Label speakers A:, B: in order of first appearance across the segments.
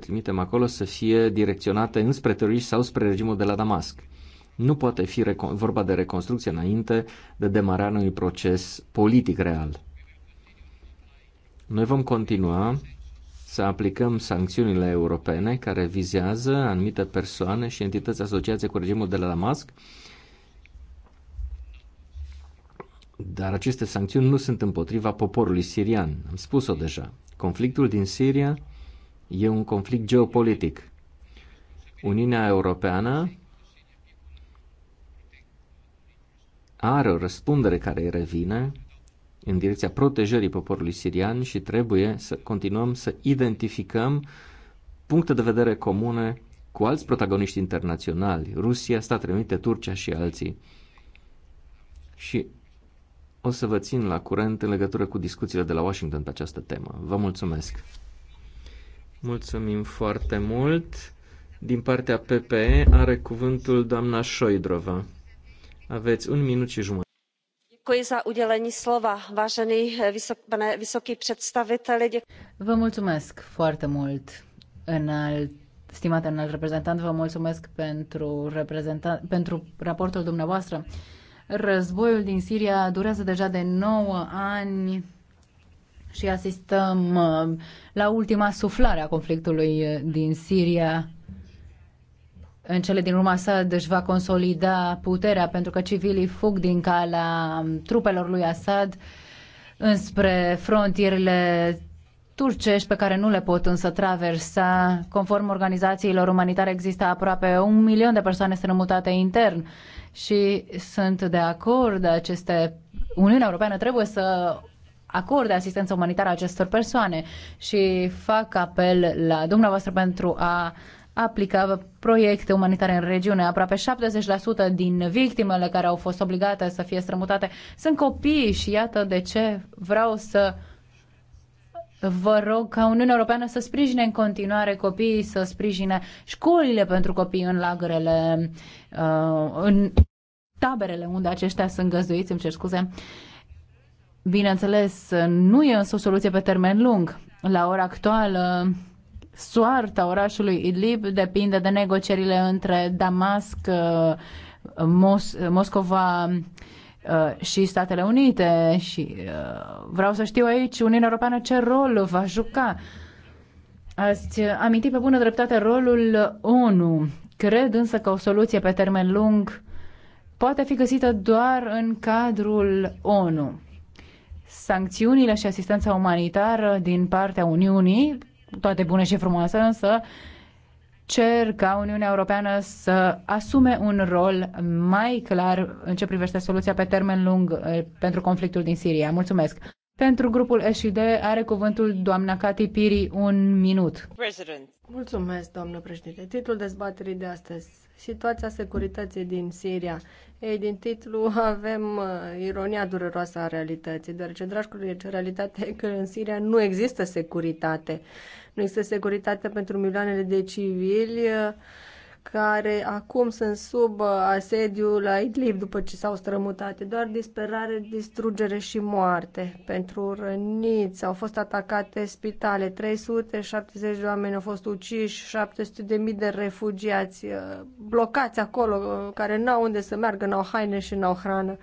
A: trimitem acolo să fie direcționate înspre teroriști sau spre regimul de la Damasc. Nu poate fi vorba de reconstrucție înainte de demararea unui proces politic real. Noi vom continua să aplicăm sancțiunile europene care vizează anumite persoane și entități asociate cu regimul de la Damasc, dar aceste sancțiuni nu sunt împotriva poporului sirian. Am spus-o deja. Conflictul din Siria E un conflict geopolitic. Uniunea Europeană are o răspundere care îi revine în direcția protejării poporului sirian și trebuie să continuăm să identificăm puncte de vedere comune cu alți protagoniști internaționali, Rusia, Statele Unite, Turcia și alții. Și o să vă țin la curent în legătură cu discuțiile de la Washington pe această temă. Vă mulțumesc! Mulțumim foarte mult. Din partea PPE are cuvântul doamna Șoidrova. Aveți un minut și jumătate.
B: Děkuji za udělení slova, vážený eh, pane vysoký představiteli.
C: Vă mulțumesc foarte mult, înalt, stimate înalt reprezentant, vă mulțumesc pentru, pentru raportul dumneavoastră. Războiul din Siria durează deja de 9 ani și asistăm uh, la ultima suflare a conflictului uh, din Siria. În cele din urma Assad își deci, va consolida puterea pentru că civilii fug din calea um, trupelor lui Assad înspre frontierele turcești pe care nu le pot însă traversa. Conform organizațiilor umanitare există aproape un milion de persoane strămutate intern și sunt de acord aceste Uniunea Europeană trebuie să acorde asistență umanitară acestor persoane și fac apel la dumneavoastră pentru a aplica proiecte umanitare în regiune. Aproape 70% din victimele care au fost obligate să fie strămutate sunt copii și iată de ce vreau să vă rog ca Uniunea Europeană să sprijine în continuare copiii, să sprijine școlile pentru copii în lagărele, uh, în taberele unde aceștia sunt găzduiți, îmi cer scuze, bineînțeles, nu e însă o soluție pe termen lung. La ora actuală, soarta orașului Idlib depinde de negocierile între Damasc, uh, Mos- Moscova uh, și Statele Unite și uh, vreau să știu aici Uniunea Europeană ce rol va juca. Ați amintit pe bună dreptate rolul ONU. Cred însă că o soluție pe termen lung poate fi găsită doar în cadrul ONU sancțiunile și asistența umanitară din partea Uniunii, toate bune și frumoase, însă cer ca Uniunea Europeană să asume un rol mai clar în ce privește soluția pe termen lung eh, pentru conflictul din Siria. Mulțumesc! Pentru grupul SID are cuvântul doamna Cati Piri un minut.
D: President.
E: Mulțumesc, doamnă președinte. Titlul dezbaterii de astăzi, situația securității din Siria ei, din titlu avem uh, ironia dureroasă a realității, deoarece, dragi colegi, realitatea e că în Siria nu există securitate. Nu există securitate pentru milioanele de civili. Uh, care acum sunt sub uh, asediu la Idlib după ce s-au strămutat. Doar disperare, distrugere și moarte pentru răniți. Au fost atacate spitale, 370 de oameni au fost uciși, 700 de mii de refugiați uh, blocați acolo, uh, care n-au unde să meargă, n-au haine și n-au hrană.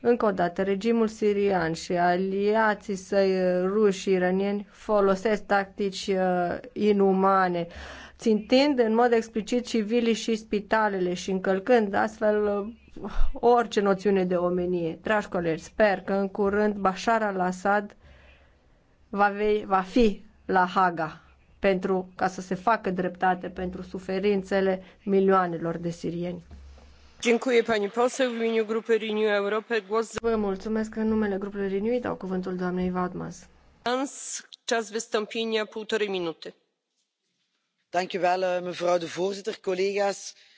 E: Încă o dată, regimul sirian și aliații săi ruși iranieni folosesc tactici uh, inumane. Uh, țintind în mod explicit civilii și spitalele și încălcând astfel uh, orice noțiune de omenie. Dragi colegi, sper că în curând Bashar al-Assad va, va fi la Haga pentru ca să se facă dreptate pentru suferințele milioanelor de sirieni. Vă mulțumesc în numele grupului Renew, dau cuvântul doamnei Vadmas. Czas wystąpienia półtorej minuty
D: Eh,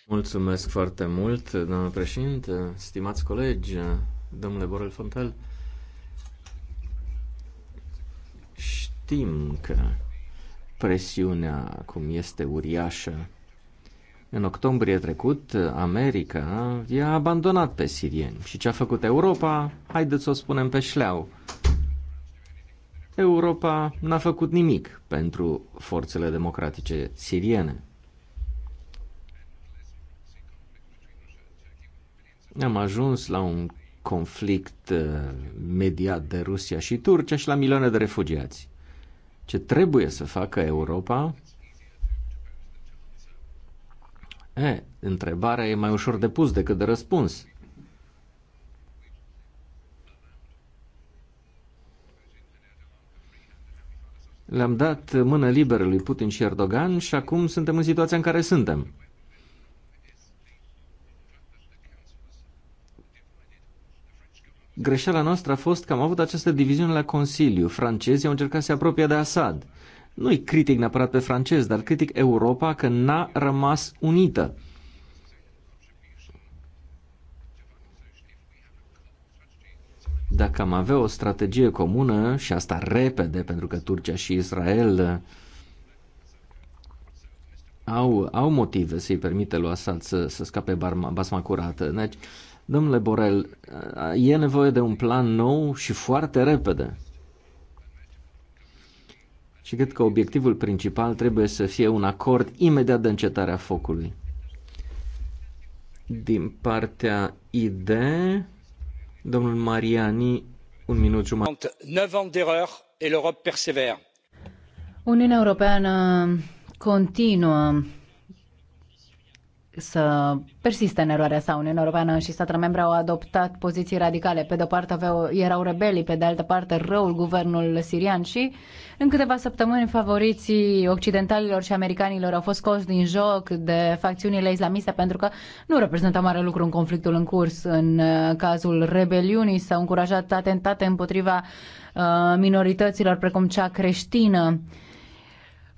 A: Mulțumesc foarte mult, doamnă președinte, stimați colegi, eh, domnule Borel Fontel. Știm că presiunea acum este uriașă. În octombrie trecut, America i-a abandonat pe sirieni și ce a făcut Europa, haideți să o spunem pe șleau. Europa n-a făcut nimic pentru forțele democratice siriene. Am ajuns la un conflict uh, mediat de Rusia și Turcia și la milioane de refugiați. Ce trebuie să facă Europa? E, întrebarea e mai ușor de pus decât de răspuns. Le-am dat mână liberă lui Putin și Erdogan și acum suntem în situația în care suntem. Greșeala noastră a fost că am avut această diviziune la Consiliu. Francezii au încercat să se apropie de Assad. Nu-i critic neapărat pe francez, dar critic Europa că n-a rămas unită. Dacă am avea o strategie comună, și asta repede, pentru că Turcia și Israel uh, au, au motive să-i permite lui Assad să, să scape basma curată. Deci, domnule Borel, uh, e nevoie de un plan nou și foarte repede. Și cred că obiectivul principal trebuie să fie un acord imediat de încetarea focului. Din partea idei Domnul Mariani, un minut jumătate.
D: 9 ani de erori, Europa
C: Uniunea Europeană continuă să persiste în eroarea sa. Uniunea Europeană și statele membre au adoptat poziții radicale. Pe de-o parte aveau, erau rebelii, pe de altă parte răul guvernul sirian și în câteva săptămâni favoriții occidentalilor și americanilor au fost scoși din joc de facțiunile islamiste pentru că nu reprezentau mare lucru în conflictul în curs. În uh, cazul rebeliunii s-au încurajat atentate împotriva uh, minorităților precum cea creștină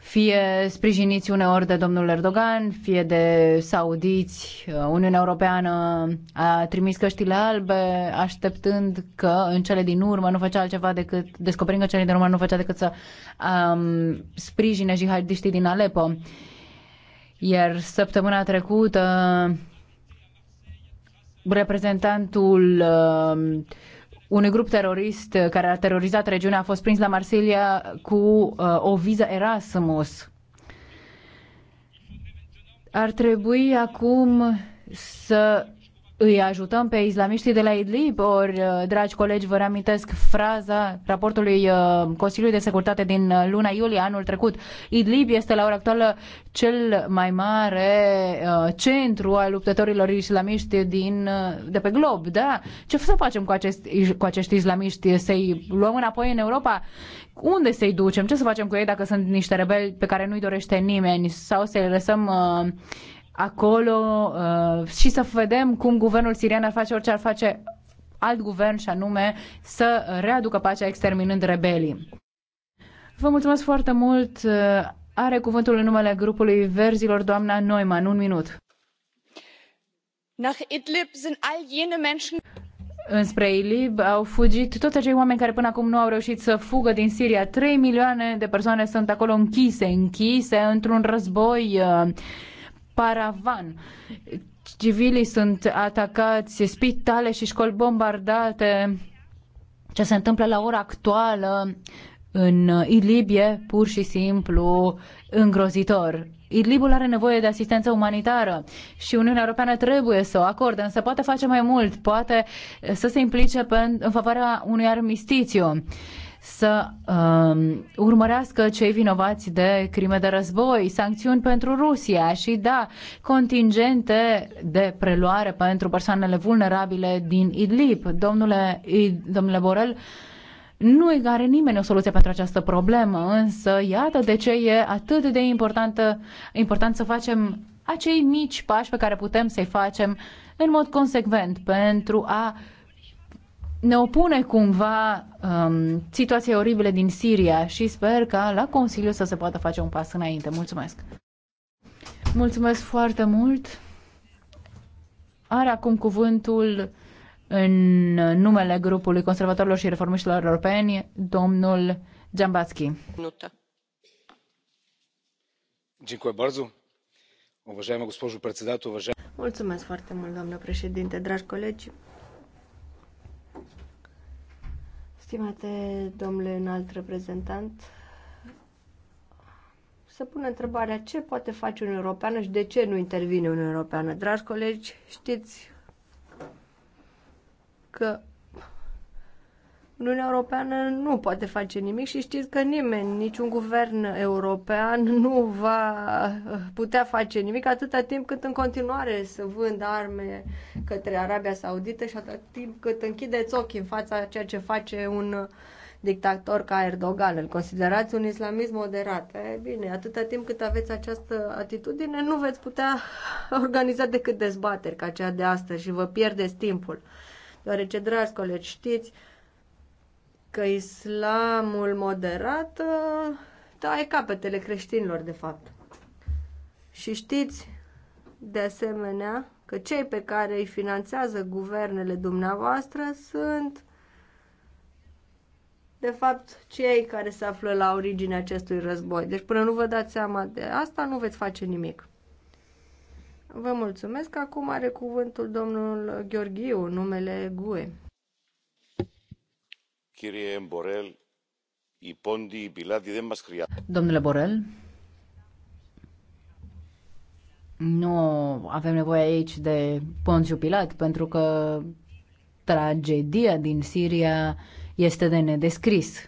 C: fie sprijiniți uneori de domnul Erdogan, fie de saudiți. Uniunea Europeană a trimis căștile albe, așteptând că în cele din urmă nu făcea altceva decât, descoperind că cele din urmă nu făcea decât să um, sprijine jihadiștii din Aleppo. Iar săptămâna trecută reprezentantul uh, unui grup terorist care a terorizat regiunea a fost prins la Marsilia cu uh, o viză Erasmus. Ar trebui acum să îi ajutăm pe islamiștii de la Idlib, ori, uh, dragi colegi, vă reamintesc fraza raportului uh, Consiliului de Securitate din uh, luna iulie anul trecut. Idlib este la ora actuală cel mai mare centru al luptătorilor islamiști din, de pe glob, da? Ce să facem cu, acest, cu acești islamiști? Să-i luăm înapoi în Europa? Unde să-i ducem? Ce să facem cu ei dacă sunt niște rebeli pe care nu-i dorește nimeni? Sau să-i lăsăm uh, acolo uh, și să vedem cum guvernul sirian ar face orice ar face alt guvern și anume să readucă pacea exterminând rebelii. Vă mulțumesc foarte mult. Uh, are cuvântul în numele grupului Verzilor doamna Neumann. Un minut. Nach Idlib sind all jene Menschen înspre Ilib au fugit toți acei oameni care până acum nu au reușit să fugă din Siria. 3 milioane de persoane sunt acolo închise, închise într-un război uh, paravan. Civilii sunt atacați, spitale și școli bombardate. Ce se întâmplă la ora actuală în Idlib e pur și simplu îngrozitor. Idlibul are nevoie de asistență umanitară și Uniunea Europeană trebuie să o acorde, însă poate face mai mult, poate să se implice în favoarea unui armistițiu să um, urmărească cei vinovați de crime de război, sancțiuni pentru Rusia și, da, contingente de preluare pentru persoanele vulnerabile din Idlib. Domnule, domnule Borel, nu are nimeni o soluție pentru această problemă, însă iată de ce e atât de importantă, important să facem acei mici pași pe care putem să-i facem în mod consecvent pentru a ne opune cumva um, situația oribile din Siria și sper ca la Consiliu să se poată face un pas înainte. Mulțumesc! Mulțumesc foarte mult! Are acum cuvântul în numele grupului conservatorilor și reformiștilor europeni, domnul Giambatski.
F: Minută. Dziękuję bardzo. Уважаема госпожо председател,
E: Mulțumesc foarte mult, domnule președinte, dragi colegi. Stimate domnule înalt reprezentant, să pun întrebarea ce poate face Uniunea Europeană și de ce nu intervine Uniunea Europeană. Dragi colegi, știți că Uniunea Europeană nu poate face nimic și știți că nimeni, niciun guvern european nu va putea face nimic atâta timp cât în continuare să vând arme către Arabia Saudită și atâta timp cât închideți ochii în fața ceea ce face un dictator ca Erdogan. Îl considerați un islamist moderat. E bine, atâta timp cât aveți această atitudine, nu veți putea organiza decât dezbateri ca cea de astăzi și vă pierdeți timpul. Deoarece, dragi colegi, știți, că islamul moderat taie uh, da, capetele creștinilor, de fapt. Și știți, de asemenea, că cei pe care îi finanțează guvernele dumneavoastră sunt, de fapt, cei care se află la originea acestui război. Deci până nu vă dați seama de asta, nu veți face nimic. Vă mulțumesc. Acum are cuvântul domnul Gheorghiu, numele GUE.
C: Domnule Borel, nu avem nevoie aici de Ponțiu Pilat, pentru că tragedia din Siria este de nedescris.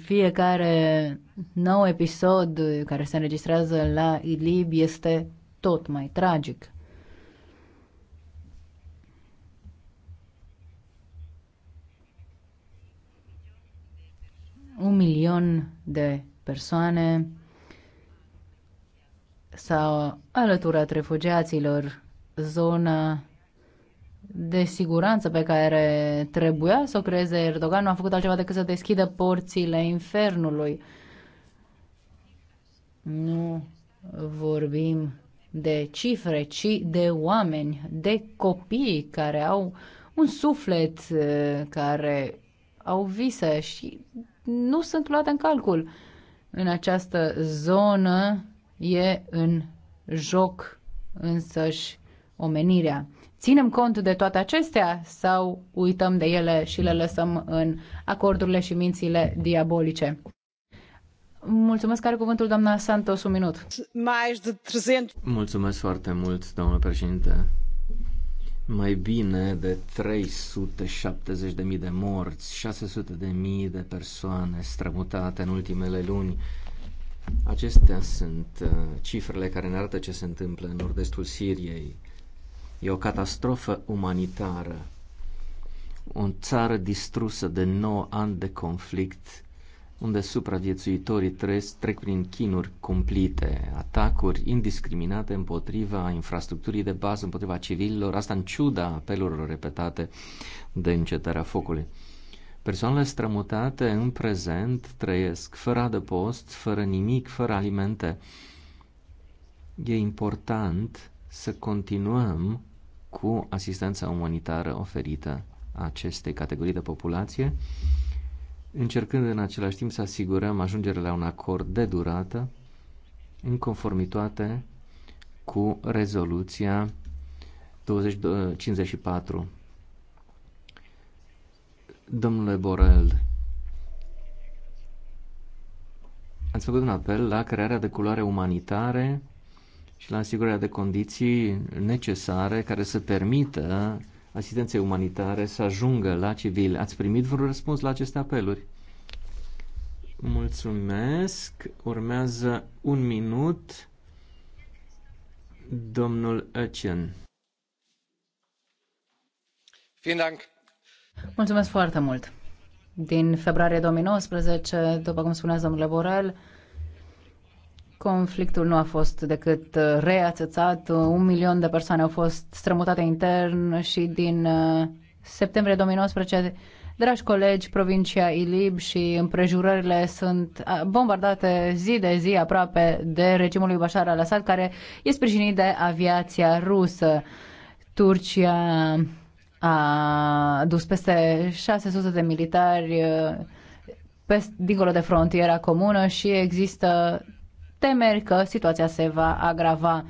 C: Fiecare nou episod care se înregistrează la Idlib este tot mai tragic. un milion de persoane s au alăturat refugiaților. Zona de siguranță pe care trebuia să o creeze Erdogan nu a făcut altceva decât să deschidă porțile infernului. Nu vorbim de cifre, ci de oameni, de copii care au un suflet, eh, care au vise și nu sunt luate în calcul. În această zonă e în joc însăși omenirea. Ținem cont de toate acestea sau uităm de ele și le lăsăm în acordurile și mințile diabolice? Mulțumesc, care cuvântul doamna Santos, un minut. Mai de 300.
A: Mulțumesc foarte mult, domnule președinte mai bine de 370.000 de morți, 600.000 de persoane strămutate în ultimele luni. Acestea sunt uh, cifrele care ne arată ce se întâmplă în nord-estul Siriei. E o catastrofă umanitară. O țară distrusă de 9 ani de conflict unde supraviețuitorii trăiesc, trec prin chinuri cumplite, atacuri indiscriminate împotriva infrastructurii de bază, împotriva civililor, asta în ciuda apelurilor repetate de încetarea focului. Persoanele strămutate în prezent trăiesc fără adăpost, fără nimic, fără alimente. E important să continuăm cu asistența umanitară oferită acestei categorii de populație încercând în același timp să asigurăm ajungerea la un acord de durată în conformitate cu rezoluția 2054. Domnule Borel, ați făcut un apel la crearea de culoare umanitare și la asigurarea de condiții necesare care să permită asistenței umanitare să ajungă la civil. Ați primit vreun răspuns la aceste apeluri? Mulțumesc. Urmează un minut domnul Etienne.
C: Mulțumesc foarte mult. Din februarie 2019, după cum spuneați, domnule Borel, Conflictul nu a fost decât uh, reațățat, un milion de persoane au fost strămutate intern și din uh, septembrie 2019, dragi colegi, provincia Ilib și împrejurările sunt uh, bombardate zi de zi aproape de regimul lui Bashar al-Assad, care e sprijinit de aviația rusă. Turcia a dus peste 600 de militari peste, dincolo de frontiera comună și există temeri că situația se va agrava.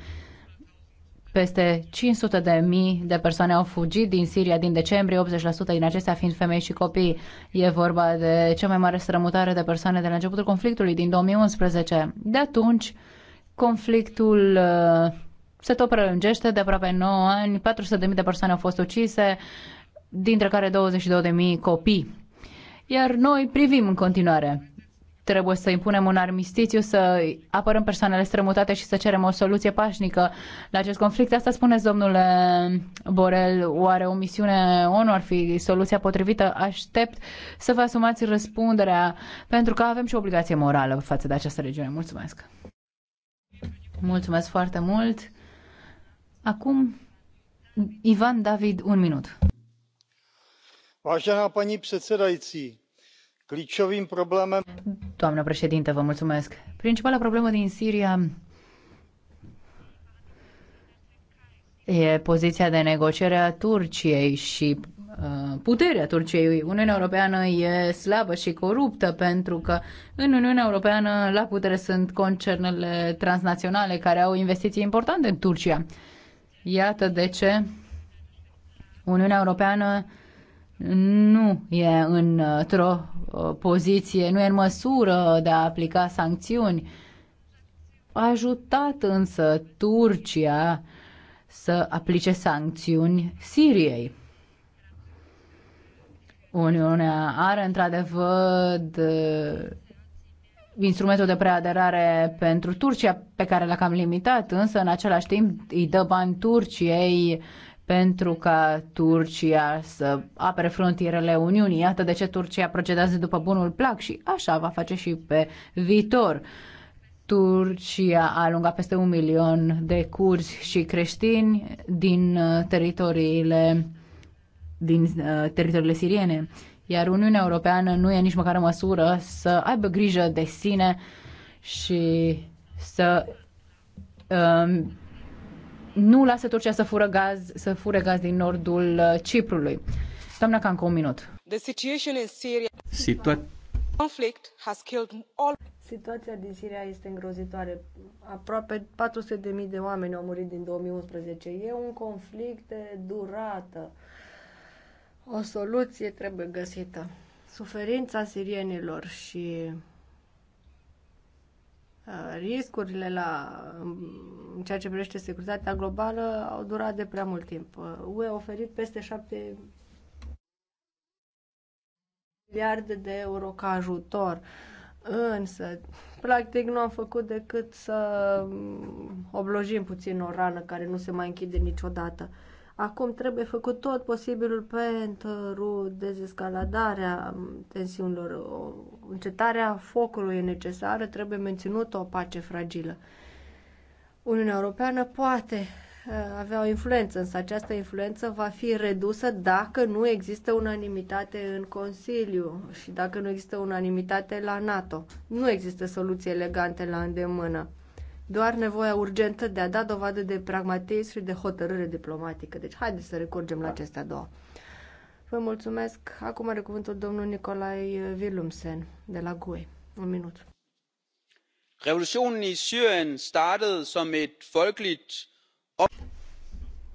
C: Peste 500 de mii de persoane au fugit din Siria din decembrie, 80% din acestea fiind femei și copii. E vorba de cea mai mare strămutare de persoane de la începutul conflictului din 2011. De atunci, conflictul uh, se tot prelungește de aproape 9 ani, 400.000 de persoane au fost ucise, dintre care 22.000 copii. Iar noi privim în continuare. Trebuie să impunem un armistițiu, să apărăm persoanele strămutate și să cerem o soluție pașnică la acest conflict. Asta spuneți, domnule Borel, oare o misiune ONU ar fi soluția potrivită? Aștept să vă asumați răspunderea, pentru că avem și o obligație morală față de această regiune. Mulțumesc! Mulțumesc foarte mult! Acum, Ivan David, un minut.
F: Vážená paní předsedající, Klíčovým problemem...
C: Doamnă președintă, vă mulțumesc. Principala problemă din Siria e poziția de negociere a Turciei și uh, puterea Turciei. Uniunea Europeană e slabă și coruptă pentru că în Uniunea Europeană la putere sunt concernele transnaționale care au investiții importante în Turcia. Iată de ce Uniunea Europeană nu e într-o uh, poziție, nu e în măsură de a aplica sancțiuni. A ajutat însă Turcia să aplice sancțiuni Siriei. Uniunea are într-adevăr instrumentul de preaderare pentru Turcia pe care l-a cam limitat, însă în același timp îi dă bani Turciei pentru ca Turcia să apere frontierele Uniunii. Iată de ce Turcia procedează după bunul plac și așa va face și pe viitor. Turcia a alungat peste un milion de curzi și creștini din uh, teritoriile din uh, teritoriile siriene, iar Uniunea Europeană nu e nici măcar în măsură să aibă grijă de sine și să um, nu lasă Turcia să fură gaz, să fure gaz din nordul uh, Ciprului. Doamna Cancă, un minut.
B: Situa- Situația din Siria
E: este îngrozitoare. Aproape 400.000 de oameni au murit din 2011. E un conflict de durată. O soluție trebuie găsită. Suferința sirienilor și Uh, riscurile la, um, în ceea ce privește securitatea globală au durat de prea mult timp. UE uh, a oferit peste 7 miliarde de euro ca ajutor, însă practic nu am făcut decât să um, oblojim puțin o rană care nu se mai închide niciodată. Uh, Acum trebuie făcut tot posibilul pentru dezescaladarea tensiunilor. O încetarea focului e necesară, trebuie menținută o pace fragilă. Uniunea Europeană poate uh, avea o influență, însă această influență va fi redusă dacă nu există unanimitate în Consiliu și dacă nu există unanimitate la NATO. Nu există soluții elegante la îndemână doar nevoia urgentă de a da dovadă de pragmatism și de hotărâre diplomatică. Deci haideți să recurgem la da. acestea două. Vă mulțumesc. Acum are cuvântul domnul Nicolae Willumsen de la GUE. Un minut.
B: Revolutionen Syrien som et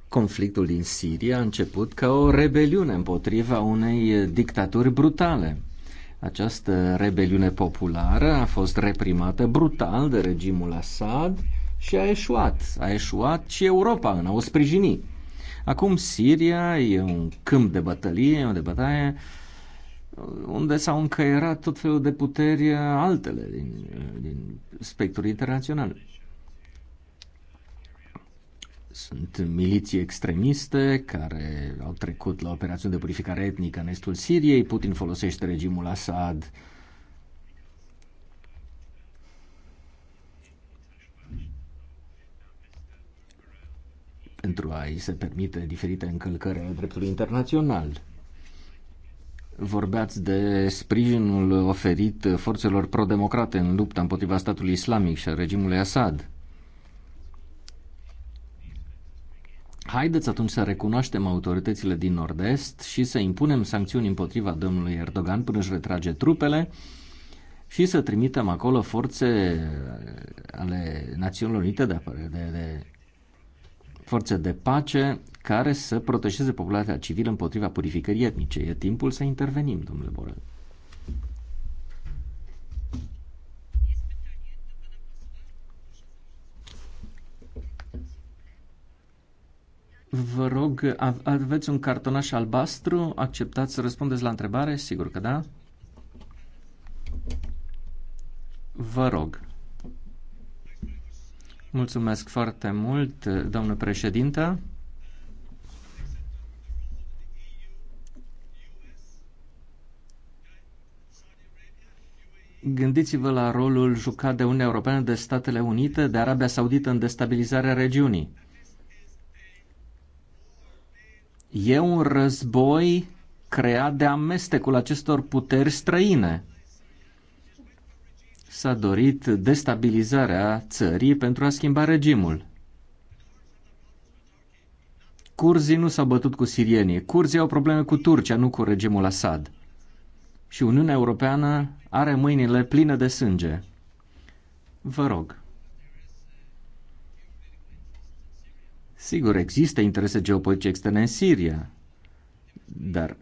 A: Conflictul din Siria a început ca o rebeliune împotriva unei dictaturi brutale. Această rebeliune populară a fost reprimată brutal de regimul Assad și a eșuat. A eșuat și Europa în a o sprijini. Acum Siria e un câmp de bătălie, de bătaie, unde s-au încăierat tot felul de puteri altele din, din spectrul internațional. Sunt miliții extremiste care au trecut la operațiuni de purificare etnică în estul Siriei. Putin folosește regimul Assad pentru a-i se permite diferite încălcări ale dreptului internațional. Vorbeați de sprijinul oferit forțelor pro-democrate în lupta împotriva statului islamic și a regimului Assad. Haideți atunci să recunoaștem autoritățile din Nord-Est și să impunem sancțiuni împotriva domnului Erdogan până își retrage trupele și să trimitem acolo forțe ale Națiunilor Unite de, de, de forțe de pace care să protejeze populația civilă împotriva purificării etnice. E timpul să intervenim, domnule Borel. Vă rog, aveți un cartonaș albastru? Acceptați să răspundeți la întrebare? Sigur că da. Vă rog. Mulțumesc foarte mult, domnul președinte. Gândiți-vă la rolul jucat de Uniunea Europeană de Statele Unite, de Arabia Saudită în destabilizarea regiunii. E un război creat de amestecul acestor puteri străine. S-a dorit destabilizarea țării pentru a schimba regimul. Curzii nu s-au bătut cu sirienii, curzii au probleme cu Turcia, nu cu regimul Assad. Și Uniunea Europeană are mâinile pline de sânge. Vă rog, Sigur, există interese geopolitice externe în Siria, dar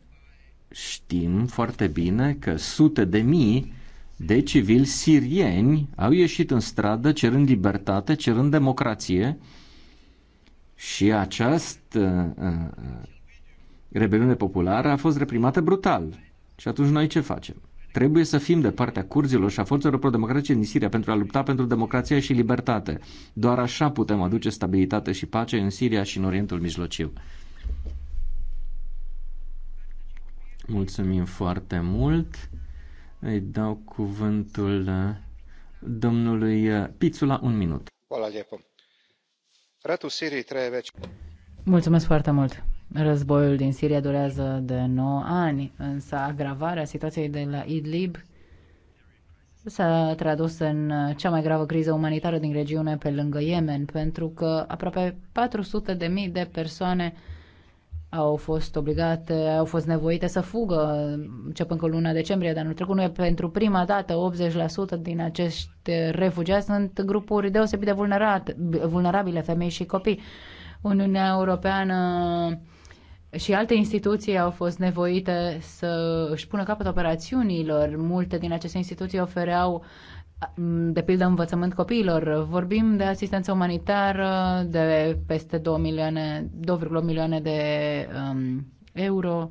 A: știm foarte bine că sute de mii de civili sirieni au ieșit în stradă cerând libertate, cerând democrație și această uh, uh rebeliune populară a fost reprimată brutal. Și atunci noi ce facem? Trebuie să fim de partea curzilor și a forțelor pro-democratice din Siria pentru a lupta pentru democrație și libertate. Doar așa putem aduce stabilitate și pace în Siria și în Orientul Mijlociu. Mulțumim foarte mult. Îi dau cuvântul uh, domnului uh, Pițula, un minut.
C: Mulțumesc foarte mult. Războiul din Siria durează de 9 ani, însă agravarea situației de la Idlib s-a tradus în cea mai gravă criză umanitară din regiune pe lângă Yemen, pentru că aproape 400.000 de, mii de persoane au fost obligate, au fost nevoite să fugă începând cu luna decembrie de anul trecut. Nu e pentru prima dată 80% din acești refugiați sunt grupuri deosebit de vulnerate, vulnerabile, femei și copii. Uniunea Europeană și alte instituții au fost nevoite să își pună capăt operațiunilor. Multe din aceste instituții ofereau de pildă învățământ copiilor. Vorbim de asistență umanitară de peste 2 milioane, 2,8 milioane de um, euro.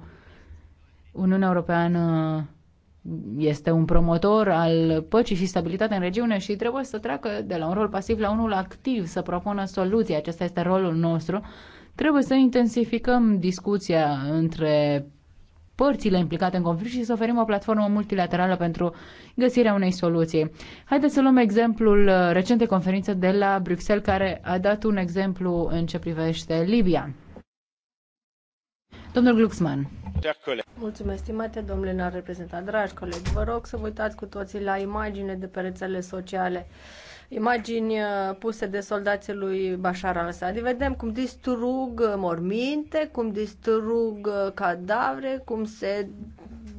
C: Uniunea Europeană este un promotor al păcii și stabilității în regiune și trebuie să treacă de la un rol pasiv la unul activ, să propună soluții. Acesta este rolul nostru Trebuie să intensificăm discuția între părțile implicate în conflict și să oferim o platformă multilaterală pentru găsirea unei soluții. Haideți să luăm exemplul uh, recentei conferințe de la Bruxelles care a dat un exemplu în ce privește Libia. Domnul Glucksmann.
E: Mulțumesc, stimate domnule înalt reprezentant. Dragi colegi, vă rog să vă uitați cu toții la imagine de pe rețele sociale imagini uh, puse de soldații lui Bashar al-Assad. Vedem cum distrug uh, morminte, cum distrug uh, cadavre, cum se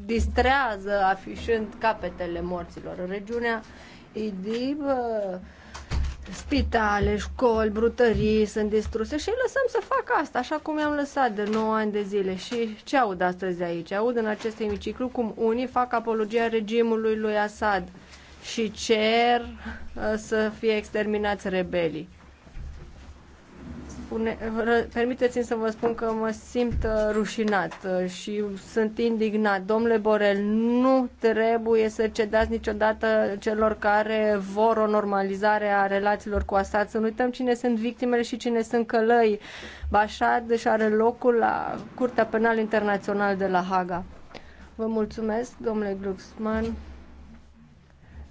E: distrează afișând capetele morților. În regiunea Idib. spitale, școli, brutării sunt distruse și îi lăsăm să facă asta, așa cum i-am lăsat de 9 ani de zile. Și ce aud astăzi aici? Aud în acest emiciclu cum unii fac apologia regimului lui Assad și cer uh, să fie exterminați rebelii. Spune, permiteți-mi să vă spun că mă simt uh, rușinat uh, și sunt indignat. Domnule Borel, nu trebuie să cedați niciodată celor care vor o normalizare a relațiilor cu Assad. Să nu uităm cine sunt victimele și cine sunt călăi. Bashad își are locul la Curtea Penală Internațională de la Haga. Vă mulțumesc, domnule Glucksmann.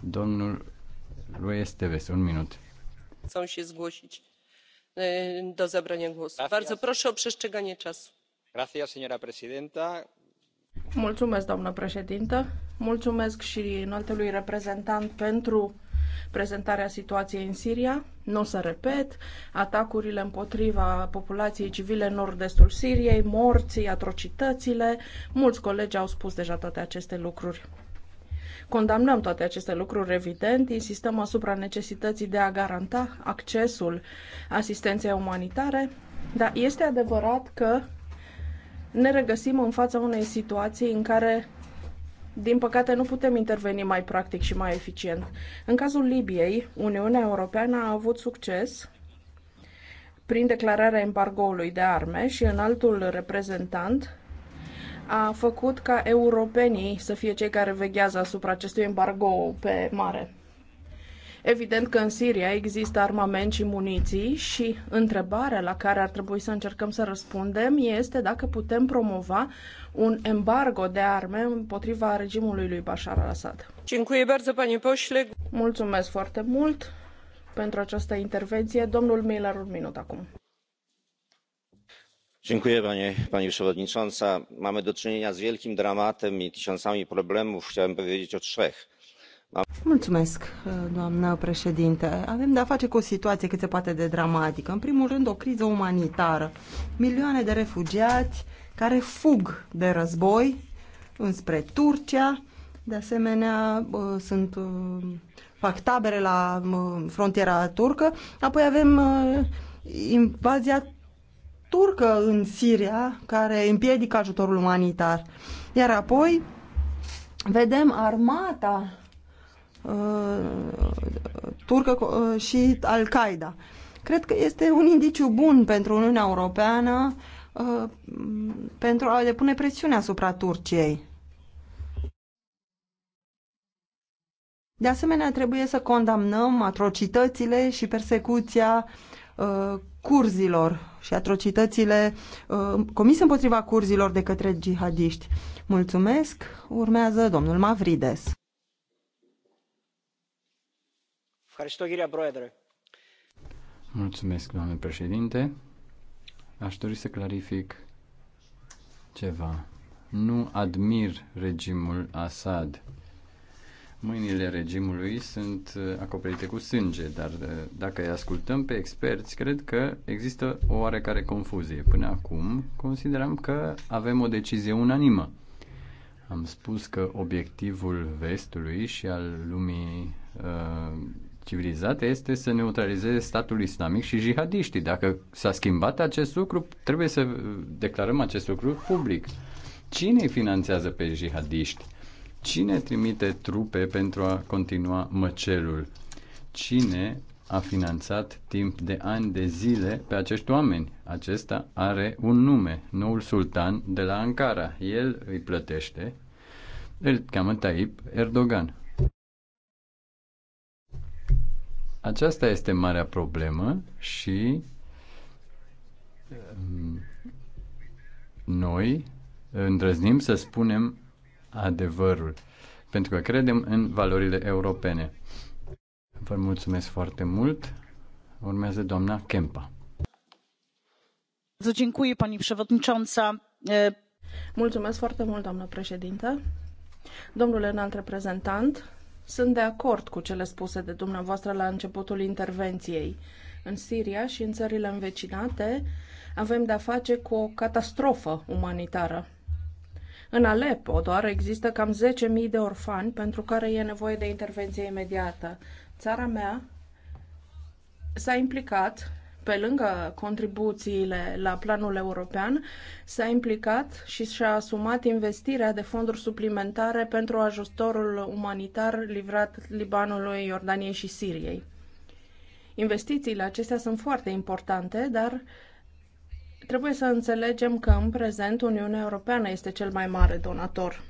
D: Domnul lui Esteves, un minut.
E: Chcą się zgłosić do zabrania głosu. Bardzo proszę o przestrzeganie czasu. Gracias, señora presidenta.
G: Mulțumesc, doamnă președintă. Mulțumesc și înaltelui reprezentant pentru prezentarea situației în Siria. Nu o să repet, atacurile împotriva populației civile în nord-estul Siriei, morții, atrocitățile. Mulți colegi au spus deja toate aceste lucruri. Condamnăm toate aceste lucruri, evident, insistăm asupra necesității de a garanta accesul asistenței umanitare, dar este adevărat că ne regăsim în fața unei situații în care din păcate, nu putem interveni mai practic și mai eficient. În cazul Libiei, Uniunea Europeană a avut succes prin declararea embargoului de arme și în altul reprezentant a făcut ca europenii să fie cei care veghează asupra acestui embargo pe mare. Evident că în Siria există armament și muniții și întrebarea la care ar trebui să încercăm să răspundem este dacă putem promova un embargo de arme împotriva regimului lui Bashar al-Assad. Mulțumesc foarte mult pentru această intervenție. Domnul Miller, un minut acum
A: pani przewodnicząca! mamy do czynienia z wielkim
F: dramatem i tysiącami problemów. chciałem powiedzieć o trzech.
B: doamnă președintă avem de-a face cu o situație cât se poate de dramatică. În primul rând, o criză umanitară. Milioane de refugiați care fug de război înspre Turcia. De asemenea, sunt fac tabere la frontiera turcă. Apoi avem invazia turcă în Siria care împiedică ajutorul umanitar. Iar apoi vedem armata uh, turcă uh, și Al-Qaeda. Cred că este un indiciu bun pentru Uniunea Europeană uh, pentru a depune presiune asupra Turciei. De asemenea, trebuie să condamnăm atrocitățile și persecuția uh, curzilor și atrocitățile uh, comise împotriva curzilor de către jihadiști. Mulțumesc. Urmează domnul Mavrides.
D: Mulțumesc, doamne președinte. Aș dori să clarific ceva. Nu admir regimul Assad mâinile regimului sunt uh, acoperite cu sânge, dar uh, dacă îi ascultăm pe experți, cred că există o oarecare confuzie. Până acum, consideram că avem o decizie unanimă. Am spus că obiectivul vestului și al lumii uh, civilizate este să neutralizeze statul islamic și jihadiștii. Dacă s-a schimbat acest lucru, trebuie să declarăm acest lucru public. Cine îi finanțează pe jihadiști? Cine trimite trupe pentru a continua măcelul? Cine a finanțat timp de ani de zile pe acești oameni? Acesta are un nume, noul sultan de la Ankara. El îi plătește, îl cheamă Taip Erdogan. Aceasta este marea problemă și um, noi îndrăznim să spunem adevărul, pentru că credem în valorile europene. Vă mulțumesc foarte mult. Urmează doamna Kempa.
G: Mulțumesc foarte mult, doamnă președintă. Domnule înalt reprezentant, sunt de acord cu cele spuse de dumneavoastră la începutul intervenției. În Siria și în țările învecinate avem de-a face cu o catastrofă umanitară. În Aleppo doar există cam 10.000 de orfani pentru care e nevoie de intervenție imediată. Țara mea s-a implicat pe lângă contribuțiile la planul european, s-a implicat și și-a asumat investirea de fonduri suplimentare pentru ajutorul umanitar livrat Libanului, Iordaniei și Siriei. Investițiile acestea sunt foarte importante, dar Trebuie să înțelegem că în prezent Uniunea Europeană este cel mai mare donator.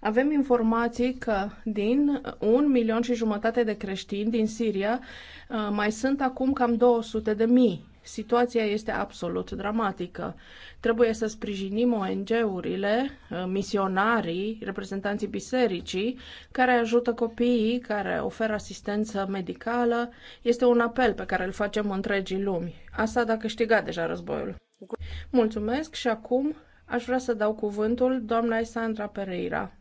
G: Avem informații că din un milion și jumătate de creștini din Siria uh, mai sunt acum cam 200 de mii Situația este absolut dramatică. Trebuie să sprijinim ONG-urile, uh, misionarii, reprezentanții bisericii, care ajută copiii, care oferă asistență medicală. Este un apel pe care îl facem întregii lumi. Asta dacă câștigat deja războiul. Mulțumesc și acum aș vrea să dau cuvântul doamnei
E: Sandra Pereira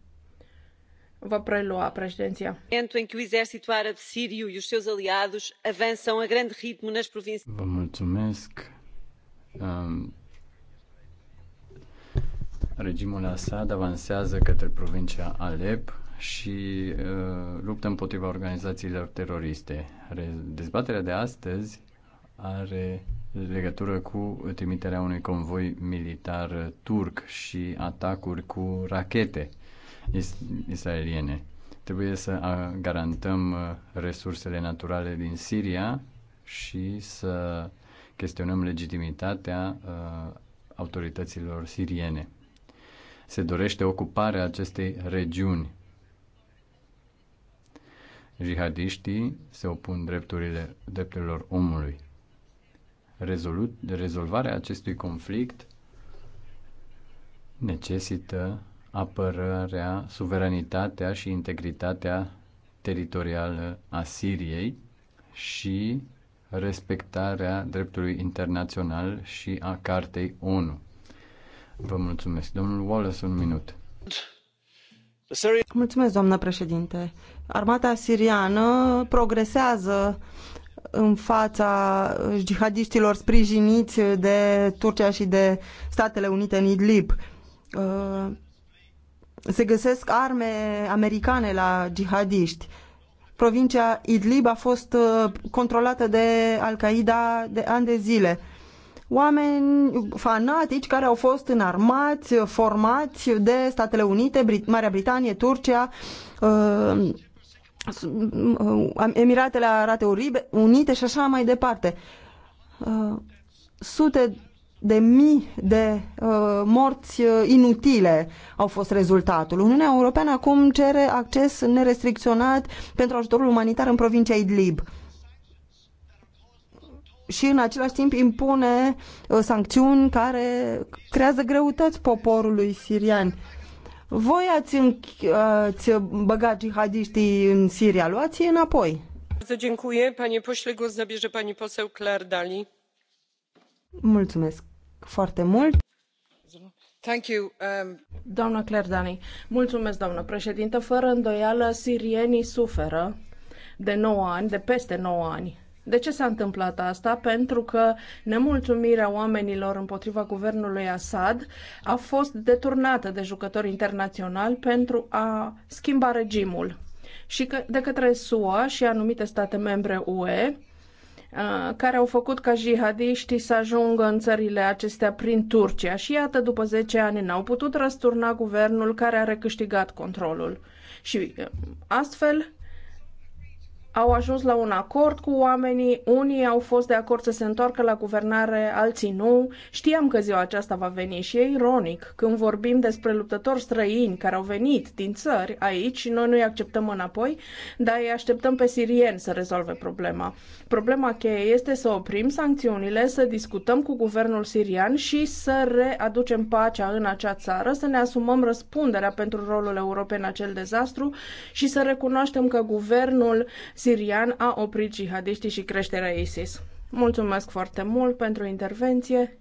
G: va prelua președinția.
E: Vă
D: mulțumesc. Um, regimul Assad avansează către provincia Alep și uh, luptă împotriva organizațiilor teroriste. Dezbaterea de astăzi are legătură cu trimiterea unui convoi militar turc și atacuri cu rachete israeliene. Trebuie să garantăm uh, resursele naturale din Siria și să chestionăm legitimitatea uh, autorităților siriene. Se dorește ocuparea acestei regiuni. Jihadiștii se opun drepturile, drepturilor omului. Rezolut, rezolvarea acestui conflict necesită apărarea, suveranitatea și integritatea teritorială a Siriei și respectarea dreptului internațional și a Cartei ONU. Vă mulțumesc. Domnul Wallace, un minut.
B: Mulțumesc, doamnă președinte. Armata siriană progresează în fața jihadiștilor sprijiniți de Turcia și de Statele Unite în Idlib. Uh, se găsesc arme americane la jihadiști. Provincia Idlib a fost uh, controlată de Al-Qaeda de ani de zile. Oameni fanatici care au fost înarmați, formați de Statele Unite, Brit- Marea Britanie, Turcia, uh, uh Emiratele Arate Unite și așa mai departe. Uh, sute de mii de uh, morți uh, inutile au fost rezultatul. Uniunea Europeană acum cere acces nerestricționat pentru ajutorul umanitar în provincia Idlib și în același timp impune uh, sancțiuni care creează greutăți poporului sirian. Voi ați, uh, ați băgat jihadiștii în Siria, luați-i înapoi.
E: Vă mulțumesc. pośle, głos zabierze pani Claire Dali
B: Mulțumesc foarte mult.
G: Um, doamnă Clerdani, mulțumesc, doamnă președintă. Fără îndoială, sirienii suferă de 9 ani, de peste 9 ani. De ce s-a întâmplat asta? Pentru că nemulțumirea oamenilor împotriva guvernului Assad a fost deturnată de jucători internaționali pentru a schimba regimul. Și că, de către SUA și anumite state membre UE, Uh, care au făcut ca jihadiștii să ajungă în țările acestea prin Turcia și iată, după 10 ani n-au putut răsturna guvernul care a recâștigat controlul. Și uh, astfel au ajuns la un acord cu oamenii, unii au fost de acord să se întoarcă la guvernare, alții nu. Știam că ziua aceasta va veni și e ironic când vorbim despre luptători străini care au venit din țări aici, noi nu-i acceptăm înapoi, dar îi așteptăm pe sirieni să rezolve problema. Problema cheie este să oprim sancțiunile, să discutăm cu guvernul sirian și să readucem pacea în acea țară, să ne asumăm răspunderea pentru rolul european în acel dezastru și să recunoaștem că guvernul sirian a oprit jihadiștii și creșterea ISIS. Mulțumesc foarte mult pentru intervenție.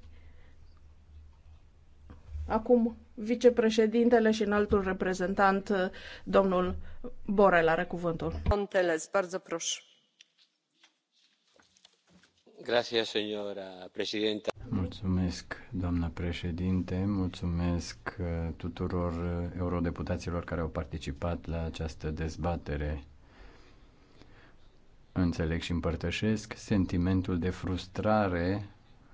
G: Acum, vicepreședintele și înaltul reprezentant, domnul Borel, are cuvântul. Înțeles, bardzo
D: proszę. Gracias, señora Mulțumesc, doamnă președinte, mulțumesc uh, tuturor uh, eurodeputaților care au participat la această dezbatere Înțeleg și împărtășesc sentimentul de frustrare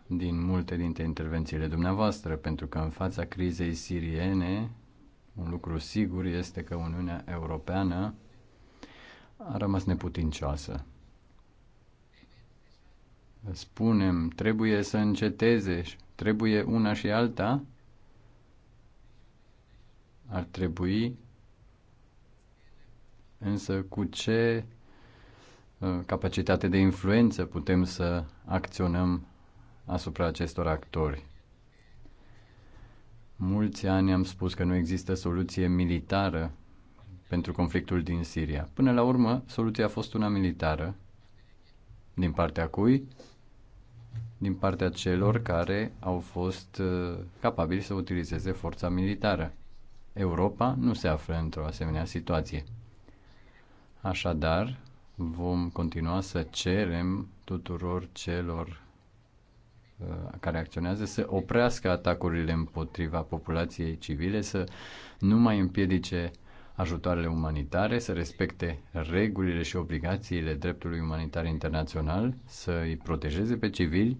D: din multe dintre intervențiile dumneavoastră, pentru că în fața crizei siriene, un lucru sigur este că Uniunea Europeană a rămas neputincioasă. Spunem, trebuie să înceteze, trebuie una și alta, ar trebui, însă cu ce Uh, capacitate de influență putem să acționăm asupra acestor actori. Mulți ani am spus că nu există soluție militară pentru conflictul din Siria. Până la urmă, soluția a fost una militară. Din partea cui? Din partea celor care au fost uh, capabili să utilizeze forța militară. Europa nu se află într-o asemenea situație. Așadar, vom continua să cerem tuturor celor uh, care acționează să oprească atacurile împotriva populației civile, să nu mai împiedice ajutoarele umanitare, să respecte regulile și obligațiile dreptului umanitar internațional, să îi protejeze pe civili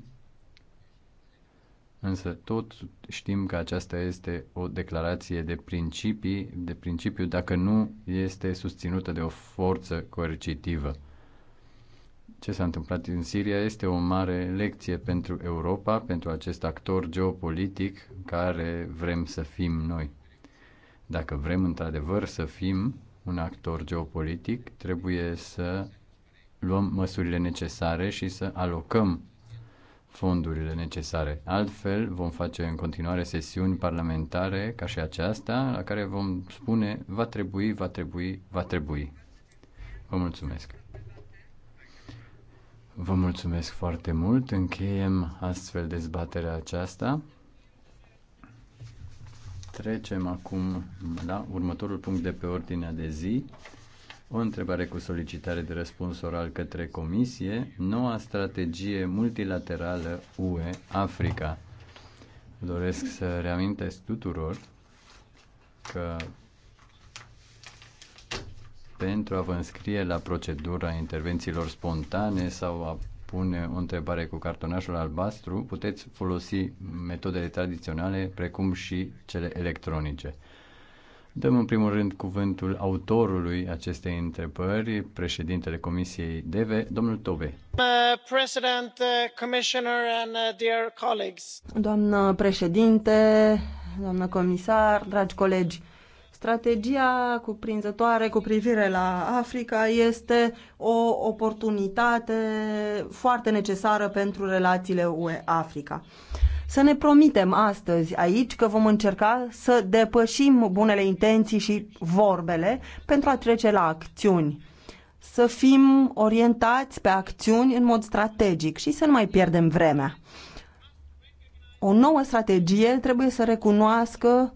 D: Însă tot știm că aceasta este o declarație de principii, de principiu dacă nu este susținută de o forță coercitivă. Ce s-a întâmplat în Siria este o mare lecție pentru Europa, pentru acest actor geopolitic care vrem să fim noi. Dacă vrem într-adevăr să fim un actor geopolitic, trebuie să luăm măsurile necesare și să alocăm fondurile necesare. Altfel, vom face în continuare sesiuni parlamentare ca și aceasta, la care vom spune va trebui, va trebui, va trebui. Vă mulțumesc! Vă mulțumesc foarte mult. Încheiem astfel dezbaterea aceasta. Trecem acum la următorul punct de pe ordinea de zi. O întrebare cu solicitare de răspuns oral către Comisie, noua strategie multilaterală UE-Africa. Doresc să reamintesc tuturor că pentru a vă înscrie la procedura intervențiilor spontane sau a pune o întrebare cu cartonașul albastru, puteți folosi metodele tradiționale precum și cele electronice. Dăm în primul rând cuvântul autorului acestei întrebări, președintele Comisiei DEVE, domnul Tobe.
F: Uh, uh, uh,
B: doamnă președinte, doamnă comisar, dragi colegi, strategia cuprinzătoare cu privire la Africa este o oportunitate foarte necesară pentru relațiile UE-Africa. Să ne promitem astăzi aici că vom încerca să depășim bunele intenții și vorbele pentru a trece la acțiuni. Să fim orientați pe acțiuni în mod strategic și să nu mai pierdem vremea. O nouă strategie trebuie să recunoască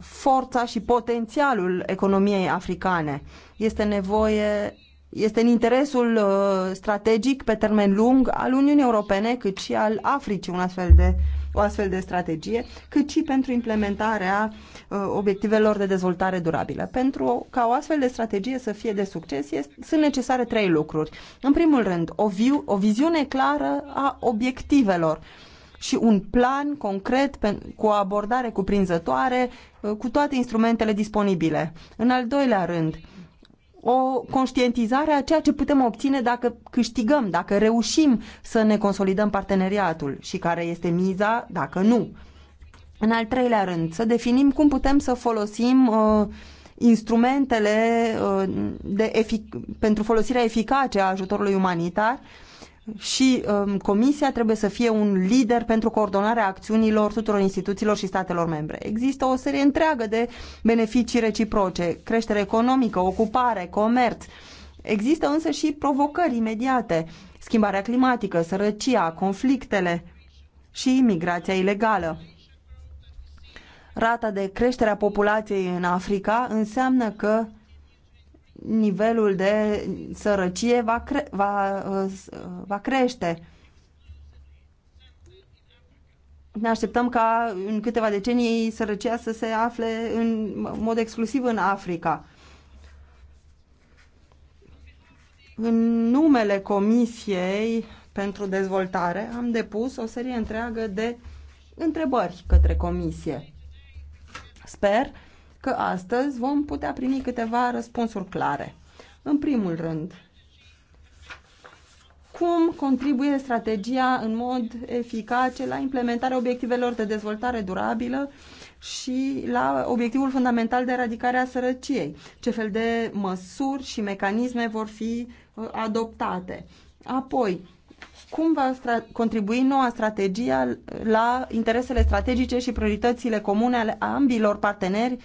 B: forța și potențialul economiei africane. Este nevoie este în interesul uh, strategic pe termen lung al Uniunii Europene, cât și al Africii, un astfel de, o astfel de strategie, cât și pentru implementarea uh, obiectivelor de dezvoltare durabilă. Pentru ca o astfel de strategie să fie de succes, este, sunt necesare trei lucruri. În primul rând, o, viu, o viziune clară a obiectivelor și un plan concret cu o abordare cuprinzătoare uh, cu toate instrumentele disponibile. În al doilea rând, o conștientizare a ceea ce putem obține dacă câștigăm, dacă reușim să ne consolidăm parteneriatul și care este miza dacă nu. În al treilea rând, să definim cum putem să folosim uh, instrumentele uh, de efic- pentru folosirea eficace a ajutorului umanitar uh, și um, Comisia trebuie să fie un lider pentru coordonarea acțiunilor tuturor instituțiilor și statelor membre. Există o serie întreagă de beneficii reciproce, creștere economică, ocupare, comerț. Există însă și provocări imediate, schimbarea climatică, sărăcia, conflictele și imigrația ilegală. Rata de creștere a populației în Africa înseamnă că nivelul de sărăcie va, cre va, uh, va crește. Ne așteptăm ca în câteva decenii sărăcia să se afle în mod exclusiv în Africa. În numele Comisiei pentru Dezvoltare am depus o serie întreagă de întrebări către Comisie. Sper că astăzi vom putea primi câteva răspunsuri clare. În primul rând, cum contribuie strategia în mod eficace la implementarea obiectivelor de dezvoltare durabilă și la obiectivul fundamental de eradicare a sărăciei? Ce fel de măsuri și mecanisme vor fi uh, adoptate? Apoi, cum va contribui noua strategie la interesele strategice și prioritățile comune ale ambilor parteneri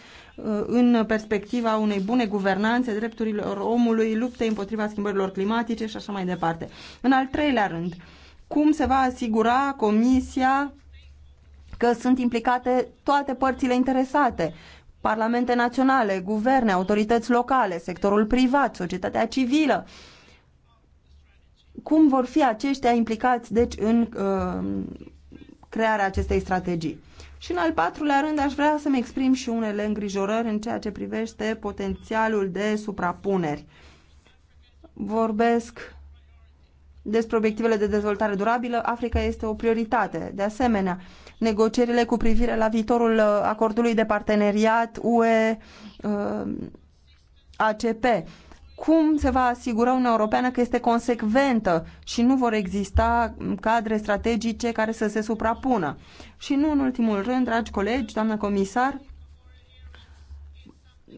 B: Uh, în perspectiva unei bune guvernanțe, drepturilor omului, luptei împotriva schimbărilor climatice și așa mai departe. În al treilea rând, cum se va asigura Comisia că sunt implicate toate părțile interesate, parlamente naționale, guverne, autorități locale, sectorul privat, societatea civilă. Cum vor fi aceștia implicați, deci, în uh, crearea acestei strategii? Și în al patrulea rând aș vrea să-mi exprim și unele îngrijorări în ceea ce privește potențialul de suprapuneri. Vorbesc despre obiectivele de dezvoltare durabilă, Africa este o prioritate. De asemenea, negocierile cu privire la viitorul uh, acordului de parteneriat UE-ACP uh, cum se va asigura Uniunea Europeană că este consecventă și nu vor exista cadre strategice care să se suprapună. Și nu în ultimul rând, dragi colegi, doamnă comisar,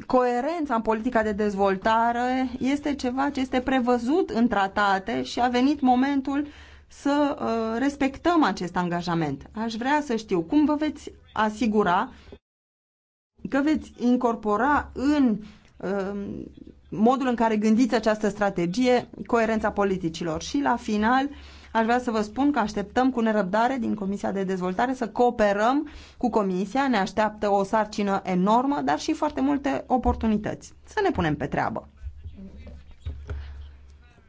B: coerența în politica de dezvoltare este ceva ce este prevăzut în tratate și a venit momentul să uh, respectăm acest angajament. Aș vrea să știu cum vă veți asigura că veți incorpora în uh, modul în care gândiți această strategie, coerența politicilor. Și la final, aș vrea să vă spun că așteptăm cu nerăbdare din Comisia de Dezvoltare să cooperăm cu Comisia. Ne așteaptă o sarcină enormă, dar și foarte multe oportunități. Să ne punem pe treabă.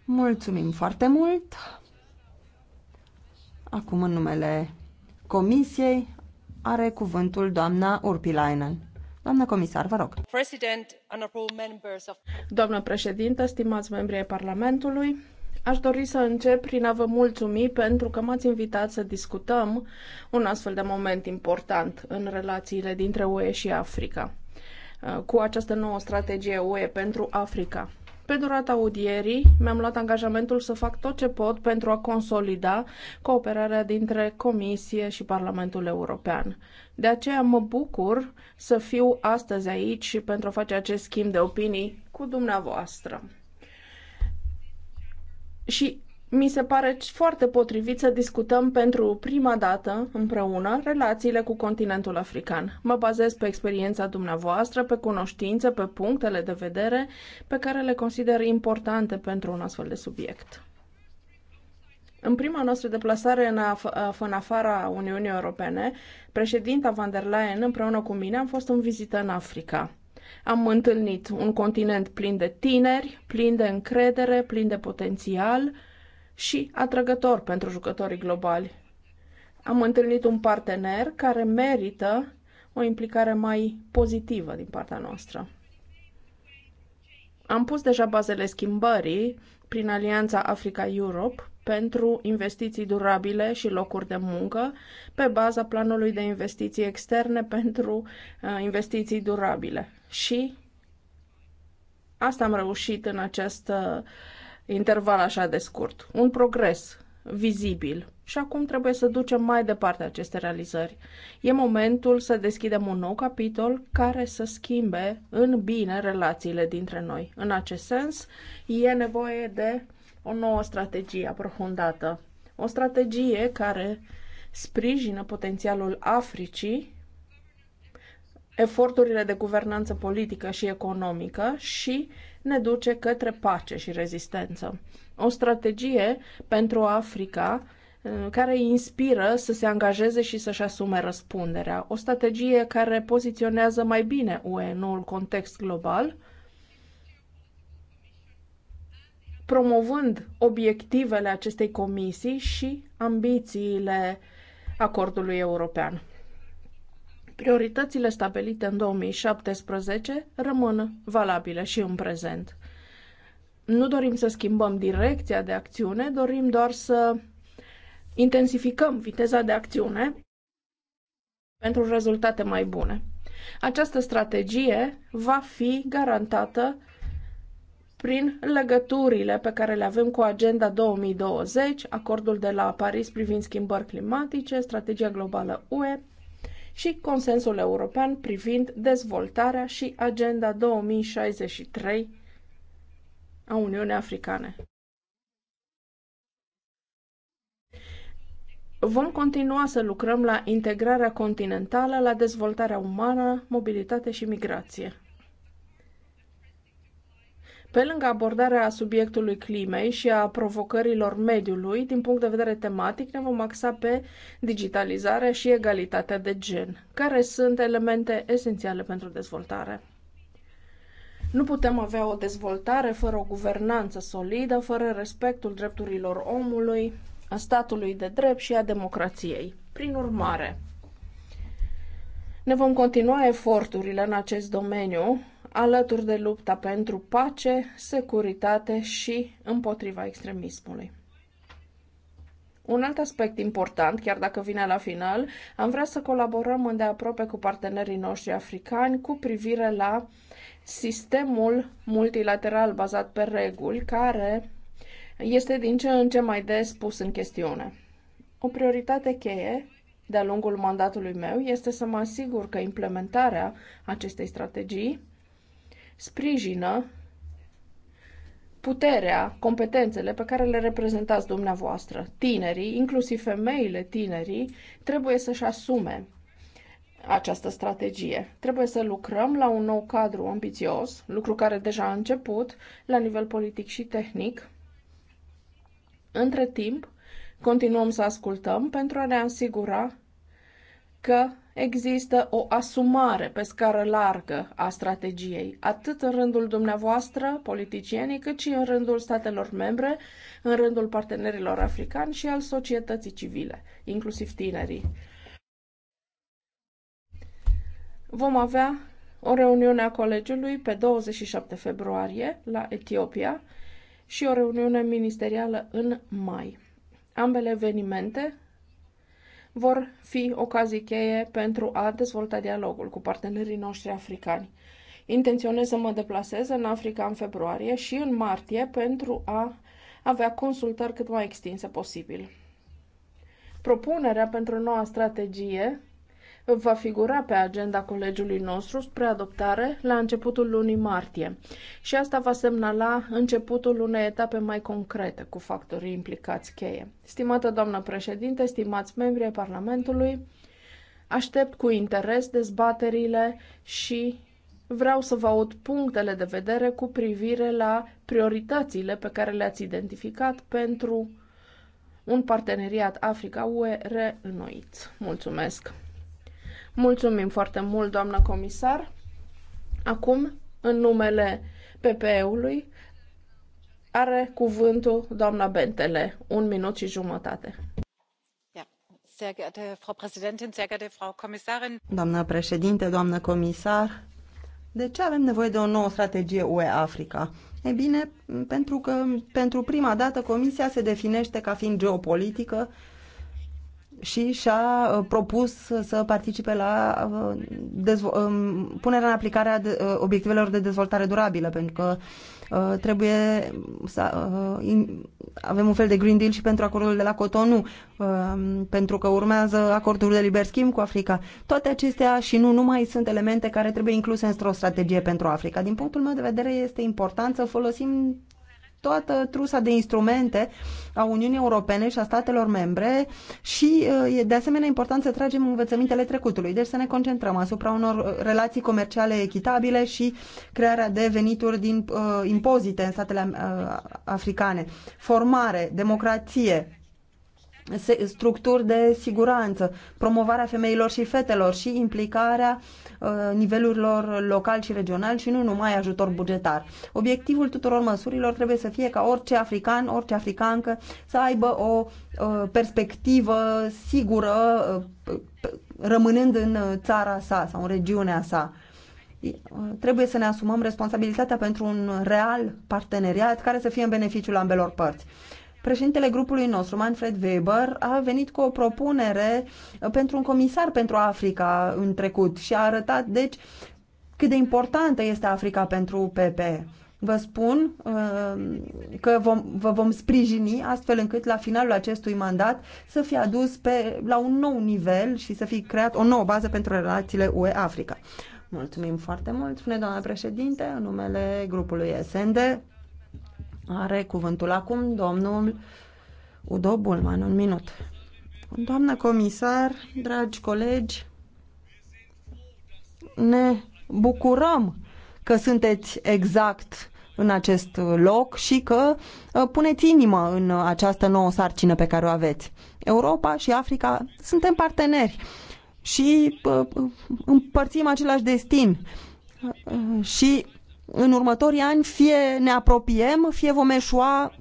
B: Mulțumim foarte mult. Acum, în numele Comisiei, are cuvântul doamna Urpilainen. Doamnă comisar, vă rog. Doamnă președintă, stimați membri ai Parlamentului,
G: Aș dori să încep prin a vă mulțumi pentru că m-ați invitat să discutăm un astfel de moment important în relațiile dintre UE și Africa, uh, cu această nouă strategie UE pentru Africa. Pe durata audierii mi-am luat angajamentul să fac tot ce pot pentru a consolida cooperarea dintre Comisie și Parlamentul European. De aceea mă bucur să fiu astăzi aici și pentru a face acest schimb de opinii cu dumneavoastră. Și mi se pare foarte potrivit să discutăm pentru prima dată împreună relațiile cu continentul african. Mă bazez pe experiența dumneavoastră, pe cunoștințe, pe punctele de vedere pe care le consider importante pentru un astfel de subiect. În prima noastră deplasare în, af- în afara Uniunii Europene, președinta van der Leyen împreună cu mine am fost în vizită în Africa. Am întâlnit un continent plin de tineri, plin de încredere, plin de potențial, și atrăgător pentru jucătorii globali. Am întâlnit un partener care merită o implicare mai pozitivă din partea noastră. Am pus deja bazele schimbării prin Alianța Africa-Europe pentru investiții durabile și locuri de muncă pe baza planului de investiții externe pentru uh, investiții durabile. Și asta am reușit în această uh, interval așa de scurt, un progres vizibil. Și acum trebuie să ducem mai departe aceste realizări. E momentul să deschidem un nou capitol care să schimbe în bine relațiile dintre noi. În acest sens, e nevoie de o nouă strategie aprofundată. O strategie care sprijină potențialul Africii, eforturile de guvernanță politică și economică și uh, ne duce către pace și rezistență. O strategie pentru Africa uh, care îi inspiră să se angajeze și să-și asume răspunderea. O strategie care poziționează mai bine UE în noul context global, promovând obiectivele acestei comisii și ambițiile acordului european. Prioritățile stabilite în 2017 rămân valabile și în prezent. Nu dorim să schimbăm direcția de acțiune, dorim doar să intensificăm viteza de acțiune pentru rezultate mai bune. Această strategie va fi garantată prin legăturile pe care le avem cu Agenda 2020, acordul de la Paris privind schimbări climatice, strategia globală UE, și Consensul European privind dezvoltarea și Agenda 2063 a Uniunii Africane. Vom continua să lucrăm la integrarea continentală, la dezvoltarea umană, mobilitate și migrație. Pe lângă abordarea subiectului climei și a provocărilor mediului, din punct de vedere tematic, ne vom axa pe digitalizarea și egalitatea de gen, care sunt elemente esențiale pentru dezvoltare. Nu putem avea o dezvoltare fără o guvernanță solidă, fără respectul drepturilor omului, a statului de drept și a democrației. Prin urmare, ne vom continua eforturile în acest domeniu alături de lupta pentru pace, securitate și împotriva extremismului. Un alt aspect important, chiar dacă vine la final, am vrea să colaborăm îndeaproape cu partenerii noștri africani cu privire la sistemul multilateral bazat pe reguli, care este din ce în ce mai des pus în chestiune. O prioritate cheie de-a lungul mandatului meu este să mă asigur că implementarea acestei strategii sprijină puterea, competențele pe care le reprezentați dumneavoastră. Tinerii, inclusiv femeile tinerii, trebuie să-și asume această strategie. Trebuie să lucrăm la un nou cadru ambițios, lucru care deja a început la nivel politic și tehnic. Între timp, continuăm să ascultăm pentru a ne asigura că există o asumare pe scară largă a strategiei, atât în rândul dumneavoastră, politicienii, cât și în rândul statelor membre, în rândul partenerilor africani și al societății civile, inclusiv tinerii. Vom avea o reuniune a colegiului pe 27 februarie la Etiopia și o reuniune ministerială în mai. Ambele evenimente vor fi ocazii cheie pentru a dezvolta dialogul cu partenerii noștri africani. Intenționez să mă deplasez în Africa în februarie și în martie pentru a avea consultări cât mai extinse posibil. Propunerea pentru noua strategie va figura pe agenda colegiului nostru spre adoptare la începutul lunii martie și asta va semnala începutul unei etape mai concrete cu factorii implicați cheie. Stimată doamnă președinte, stimați membri ai Parlamentului, aștept cu interes dezbaterile și vreau să vă aud punctele de vedere cu privire la prioritățile pe care le-ați identificat pentru un parteneriat Africa-UE reînnoit. Mulțumesc! Mulțumim foarte mult, doamnă comisar. Acum, în numele PPE-ului, are cuvântul doamna Bentele, un minut și jumătate.
B: Doamna președinte, doamnă comisar, de ce avem nevoie de o nouă strategie UE-Africa? E bine, pentru că pentru prima dată Comisia se definește ca fiind geopolitică și și-a uh, propus să participe la uh, um, punerea în aplicare a uh, obiectivelor de dezvoltare durabilă, pentru că trebuie să avem un fel de Green Deal și pentru acordul de la Cotonou, um, pentru că urmează acordul de liber schimb cu Africa. Toate acestea și nu numai sunt elemente care trebuie incluse într-o strategie pentru Africa. Din punctul meu de vedere este important să folosim toată trusa de instrumente a Uniunii Europene și a statelor membre și uh, e de asemenea important să tragem învățămintele trecutului, deci să ne concentrăm asupra unor uh, relații comerciale echitabile și crearea de venituri din uh, impozite în statele uh, africane, formare, democrație, structuri de siguranță, promovarea femeilor și fetelor și implicarea uh, nivelurilor local și regional și nu numai ajutor bugetar. Obiectivul tuturor măsurilor trebuie să fie ca orice african, orice africancă să aibă o uh, perspectivă sigură uh, rămânând în țara sa sau în regiunea sa trebuie să ne asumăm responsabilitatea pentru un real parteneriat care să fie în beneficiul ambelor părți. Președintele grupului nostru, Manfred Weber, a venit cu o propunere pentru un comisar pentru Africa în trecut și a arătat, deci, cât de importantă este Africa pentru PP. Vă spun uh, că vom, vă vom sprijini astfel încât la finalul acestui mandat să fie adus pe, la un nou nivel și să fie creat o nouă bază pentru relațiile UE-Africa. Mulțumim foarte mult, spune doamna președinte, în numele grupului SND. Are cuvântul acum domnul Udo Bulman. Un minut. Doamnă comisar, dragi colegi, ne bucurăm că sunteți exact în acest loc și că uh, puneți inimă în această nouă sarcină pe care o aveți. Europa și Africa suntem parteneri și uh, uh, împărțim același destin și în următorii ani fie ne apropiem, fie vom eșua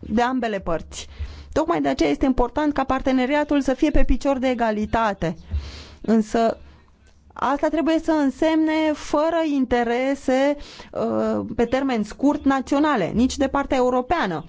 B: de ambele părți. Tocmai de aceea este important ca parteneriatul să fie pe picior de egalitate. Însă asta trebuie să însemne fără interese uh, pe termen scurt naționale, nici de partea europeană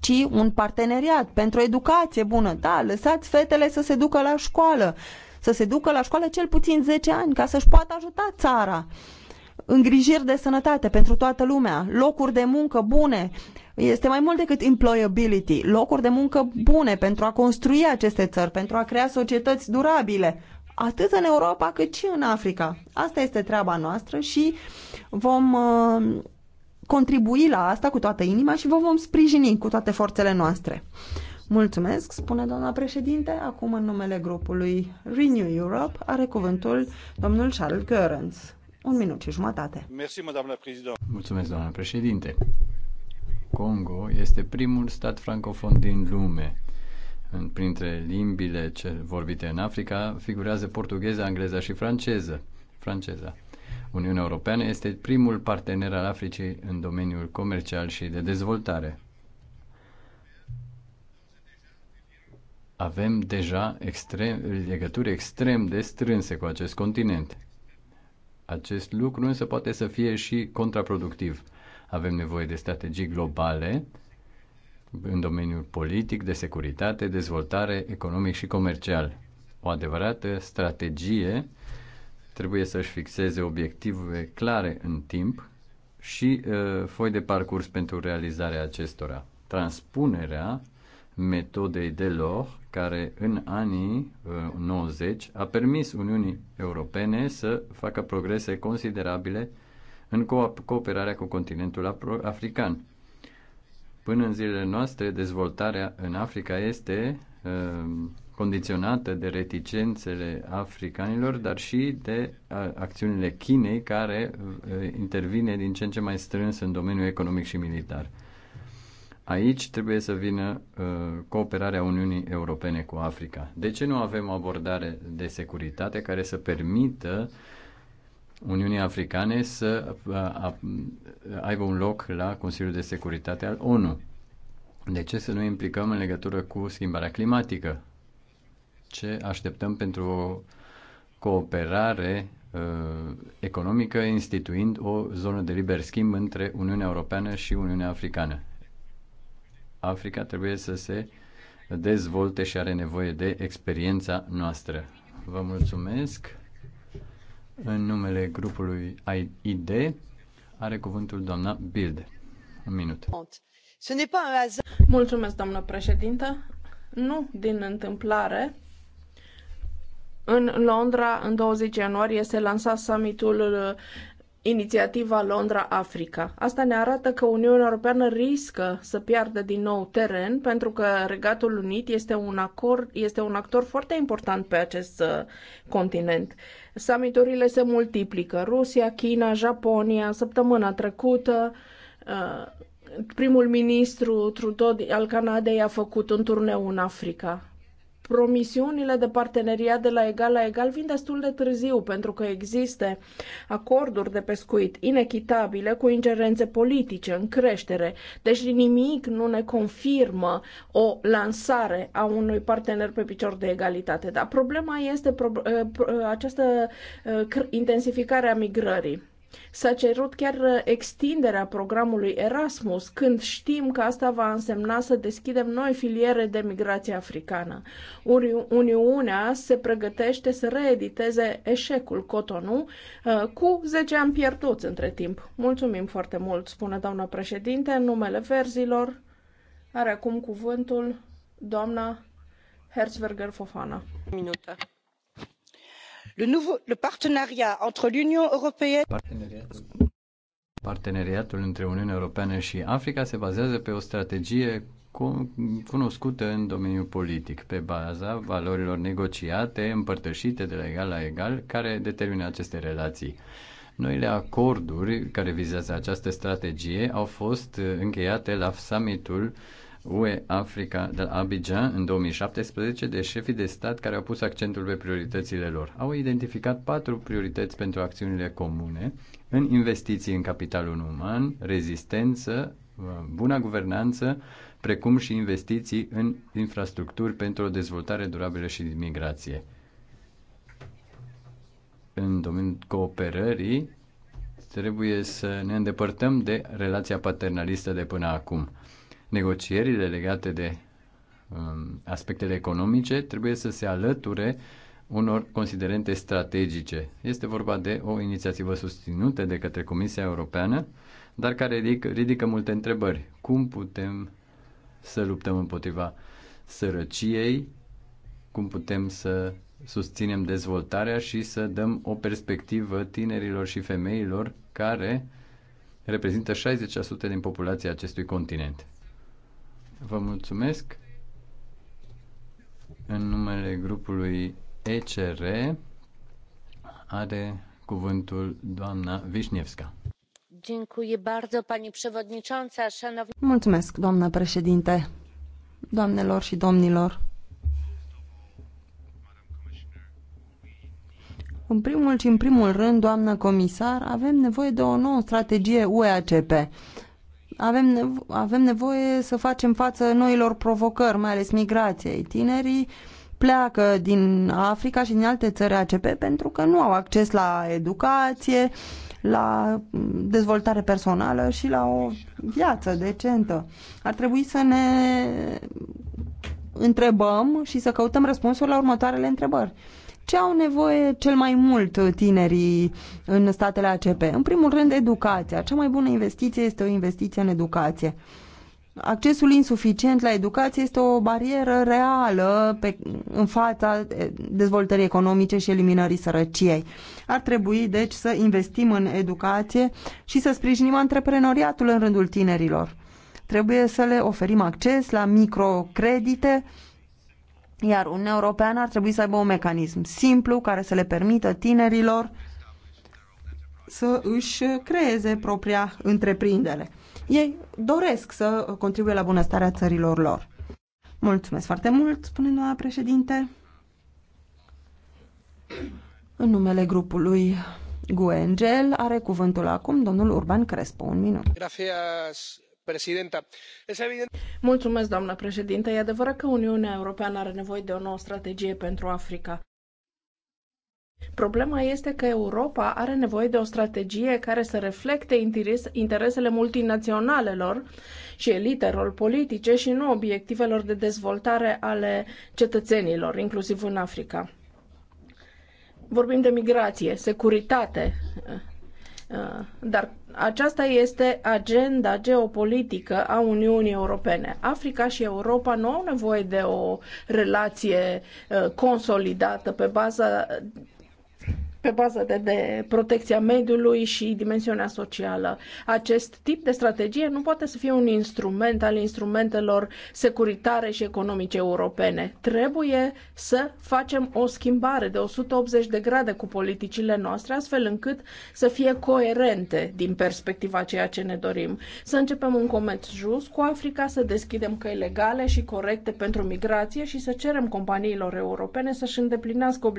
B: ci un parteneriat pentru educație bună. Da, lăsați fetele să se ducă la școală, să se ducă la școală cel puțin 10 ani ca să-și poată ajuta țara. Uh, îngrijiri de sănătate pentru toată lumea, locuri de muncă bune. Este mai mult decât employability, locuri de muncă bune pentru a construi aceste țări, pentru a crea societăți durabile, atât în Europa cât și în Africa. Asta este treaba noastră și vom uh, contribui la asta cu toată inima și vă vom sprijini cu toate forțele noastre. Mulțumesc, spune doamna președinte. Acum, în numele grupului Renew Europe, are cuvântul domnul Charles Görens. Un minut și jumătate.
D: Mulțumesc, doamna președinte. Congo este primul stat francofon din lume. Printre limbile ce vorbite în Africa figurează portugheza, engleza și franceză. franceza. Uniunea Europeană este primul partener al Africii în domeniul comercial și de dezvoltare. Avem deja extrem, legături extrem de strânse cu acest continent. Acest lucru însă poate să fie și contraproductiv. Avem nevoie de strategii globale în domeniul politic, de securitate, dezvoltare, economic și comercial. O adevărată strategie trebuie să-și fixeze obiective clare în timp și uh, foi de parcurs pentru realizarea acestora. Transpunerea metodei de lor, care în anii 90 uh, a permis Uniunii Europene să facă progrese considerabile în cooperarea cu continentul african. Până în zilele noastre, dezvoltarea în Africa este uh, condiționată de reticențele africanilor, dar și de acțiunile Chinei, care uh, intervine din ce în ce mai strâns în domeniul economic și militar. Aici trebuie să vină uh, cooperarea Uniunii Europene cu Africa. De ce nu avem o abordare de securitate care să permită Uniunii Africane să uh, uh, aibă un loc la Consiliul de Securitate al ONU? De ce să nu implicăm în legătură cu schimbarea climatică? Ce așteptăm pentru o cooperare uh, economică instituind o zonă de liber schimb între Uniunea Europeană și Uniunea Africană? Africa trebuie să se dezvolte și are nevoie de experiența noastră. Vă mulțumesc. În numele grupului ID are cuvântul doamna Bilde. Un minut.
G: Mulțumesc, doamnă președintă. Nu din întâmplare, în Londra, în 20 ianuarie, se lansa summitul inițiativa Londra-Africa. Asta ne arată că Uniunea Europeană riscă să piardă din nou teren pentru că Regatul Unit este un, acord, este un actor foarte important pe acest uh, continent. Summiturile se multiplică. Rusia, China, Japonia, săptămâna trecută uh, primul ministru Trudeau al Canadei a făcut un turneu în Africa promisiunile de parteneriat de la egal la egal vin destul de târziu, pentru că există acorduri de pescuit inechitabile cu ingerențe politice în creștere. Deci nimic nu ne confirmă o lansare a unui partener pe picior de egalitate. Dar problema este ă, pro- ă, această ă, intensificare a migrării. S-a cerut chiar uh, extinderea programului Erasmus, când știm că asta va însemna să deschidem noi filiere de migrație africană. Uni- Uniunea se pregătește să reediteze eșecul Cotonou uh, cu 10 ani pierduți între timp. Mulțumim foarte mult, spune doamna președinte, în numele verzilor. Are acum cuvântul doamna Herzberger Fofana.
B: Minute le partenariat entre l'Union européenne
D: Parteneriatul între Uniunea Europeană și Africa se bazează pe o strategie cunoscută în domeniul politic, pe baza valorilor negociate, împărtășite de la egal la egal, care determină aceste relații. Noile acorduri care vizează această strategie au fost uh, încheiate la summitul UE Africa de la Abidjan în 2017 de șefii de stat care au pus accentul pe prioritățile lor. Au identificat patru priorități pentru acțiunile comune în investiții în capitalul uman, rezistență, uh, bună guvernanță, precum și investiții în infrastructuri pentru o dezvoltare durabilă și migrație. În domeniul cooperării, trebuie să ne îndepărtăm de relația paternalistă de până acum – negocierile legate de um, aspectele economice trebuie să se alăture unor considerente strategice. Este vorba de o inițiativă susținută de către Comisia Europeană, dar care ridică, ridică multe întrebări. Cum putem să luptăm împotriva sărăciei? Cum putem să susținem dezvoltarea și să dăm o perspectivă tinerilor și femeilor care reprezintă 60% din populația acestui continent. Vă mulțumesc. În numele grupului ECR are cuvântul doamna Vișnievska.
B: Mulțumesc, doamna președinte, doamnelor și domnilor. În primul și în primul rând, doamnă comisar, avem nevoie de o nouă strategie UEACP avem, nevo- avem nevoie să facem față noilor provocări, mai ales migrației. Tinerii pleacă din Africa și din alte țări ACP pentru că nu au acces la educație, la dezvoltare personală și la o viață decentă. Ar trebui să ne întrebăm și să căutăm răspunsul la următoarele întrebări ce au nevoie cel mai mult tinerii în statele ACP? În primul rând, educația. Cea mai bună investiție este o investiție în educație. Accesul insuficient la educație este o barieră reală pe, în fața dezvoltării economice și eliminării sărăciei. Ar trebui, deci, să investim în educație și să sprijinim antreprenoriatul în rândul tinerilor. Trebuie să le oferim acces la microcredite, iar Uniunea Europeană ar trebui să aibă un mecanism simplu care să le permită tinerilor să își creeze propria întreprindere. Ei doresc să contribuie la bunăstarea țărilor lor. Mulțumesc foarte mult, spune noua președinte. În numele grupului Guengel are cuvântul acum domnul Urban Crespo. Un minut.
F: Mulțumesc,
G: doamnă președintă. E adevărat că Uniunea Europeană are nevoie de o nouă strategie pentru Africa. Problema este că Europa are nevoie de o strategie care să reflecte interesele multinaționalelor și elitelor politice și nu obiectivelor de dezvoltare ale cetățenilor, inclusiv în Africa. Vorbim de migrație, securitate, eh, eh, dar aceasta este agenda geopolitică a Uniunii Europene. Africa și Europa nu au nevoie de o relație uh, consolidată pe baza pe bază de, de protecția mediului și dimensiunea socială. Acest tip de strategie nu poate să fie un instrument al instrumentelor securitare și economice europene. Trebuie să facem o schimbare de 180 de grade cu politicile noastre, astfel încât să fie coerente din perspectiva ceea ce ne dorim. Să începem un comerț just cu Africa, să deschidem căi legale și corecte pentru migrație și să cerem companiilor europene să-și îndeplinească obligațiile